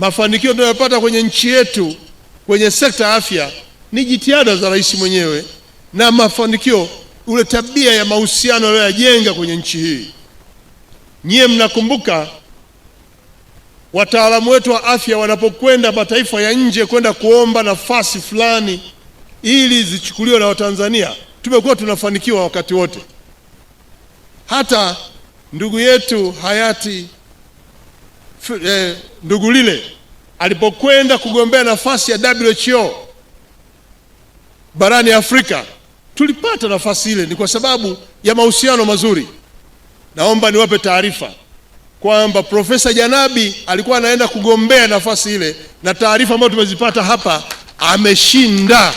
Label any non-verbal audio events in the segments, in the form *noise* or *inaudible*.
Mafanikio tunayopata kwenye nchi yetu kwenye sekta ya afya ni jitihada za rais mwenyewe na mafanikio, ule tabia ya mahusiano aliyoyajenga kwenye nchi hii. Nyie mnakumbuka wataalamu wetu wa afya wanapokwenda mataifa ya nje kwenda kuomba nafasi fulani ili zichukuliwe na Watanzania, tumekuwa tunafanikiwa wakati wote. Hata ndugu yetu hayati eh, ndugu lile alipokwenda kugombea nafasi ya WHO barani Afrika, tulipata nafasi ile, ni kwa sababu ya mahusiano mazuri. Naomba niwape taarifa kwamba Profesa Janabi alikuwa anaenda kugombea nafasi ile, na taarifa ambayo tumezipata hapa, ameshinda.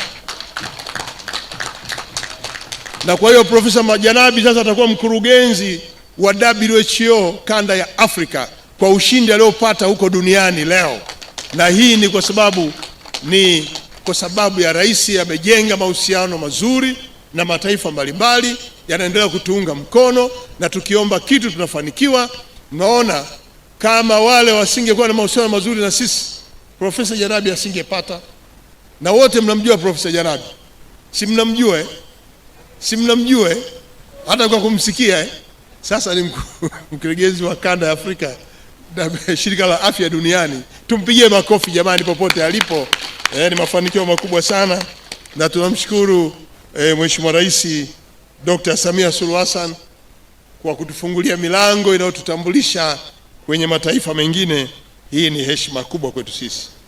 Na kwa hiyo Profesa Janabi sasa atakuwa mkurugenzi wa WHO kanda ya Afrika kwa ushindi aliopata huko duniani leo na hii ni kwa sababu ni kwa sababu ya rais amejenga mahusiano mazuri na mataifa mbalimbali yanaendelea kutuunga mkono, na tukiomba kitu tunafanikiwa. Naona kama wale wasingekuwa na mahusiano mazuri na sisi, Profesa Janabi asingepata. Na wote mnamjua Profesa Janabi, si mnamjua si mnamjua hata kwa kumsikia eh? Sasa ni *laughs* mkurugenzi wa kanda ya Afrika shirika la afya duniani. Tumpigie makofi jamani, popote alipo. E, ni mafanikio makubwa sana na tunamshukuru e, Mheshimiwa Rais Dr. Samia Suluhu Hassan kwa kutufungulia milango inayotutambulisha kwenye mataifa mengine. Hii ni heshima kubwa kwetu sisi.